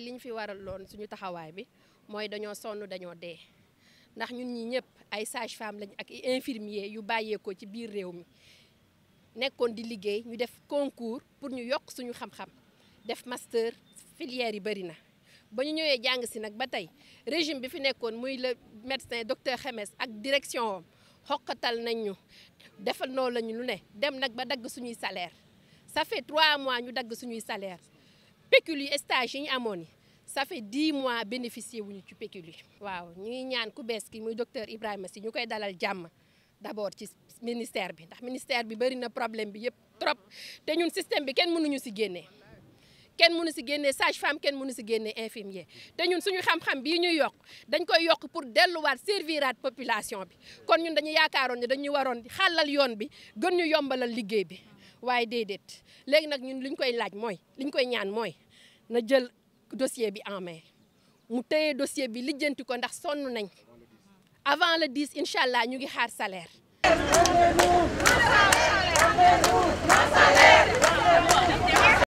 li ñu fi waral loon suñu taxawaay bi mooy dañoo sonn dañoo dee ndax ñun ñi ñëpp ay sage-femme lañ ak infirmier yu bàyyeekoo ci biir réew mi nekkoon di liggéey ñu def concours pour ñu yokk suñu xam-xam def master filière yi bëri na ba ñu ñëwee jàng si nag ba tey régime bi fi nekkoon muy le médecin docteur Xemes ak direction am xoqatal nañ ñu defal noo lañu lu ne dem nag ba dagg suñuy salaire ça fait trois mois ñu dagg suñuy salaire pécule yi stage yi ñu amoon yi ça fait dix mois bénéficier wuñu ci pécule yi waaw ñu ngi ñaan ku bees ki muy docteur Ibrahima Sy ñu koy dalal jàmm d'abord ci ministère bi ndax ministère bi bëri problème bi yëpp trop te ñun système bi kenn mënuñu si génnee kenn munu si génnee sage femme kenn mënu si génnee infirmier te ñun suñu xam-xam bii ñuy yokk dañ koy yokk pour delluwaat serviraat population bi kon ñun dañu yaakaaroon ne dañuy waroon xàllal yoon bi gën ñu yombalal liggéey bi waaye déedéet léegi nag ñun li ñu koy laaj mooy li ñu koy ñaan mooy na jël dossier bi en main mu téye dossier bi lijjanti ko ndax sonn nañ avant le 10 incha allah ñu ngi xaar salaire.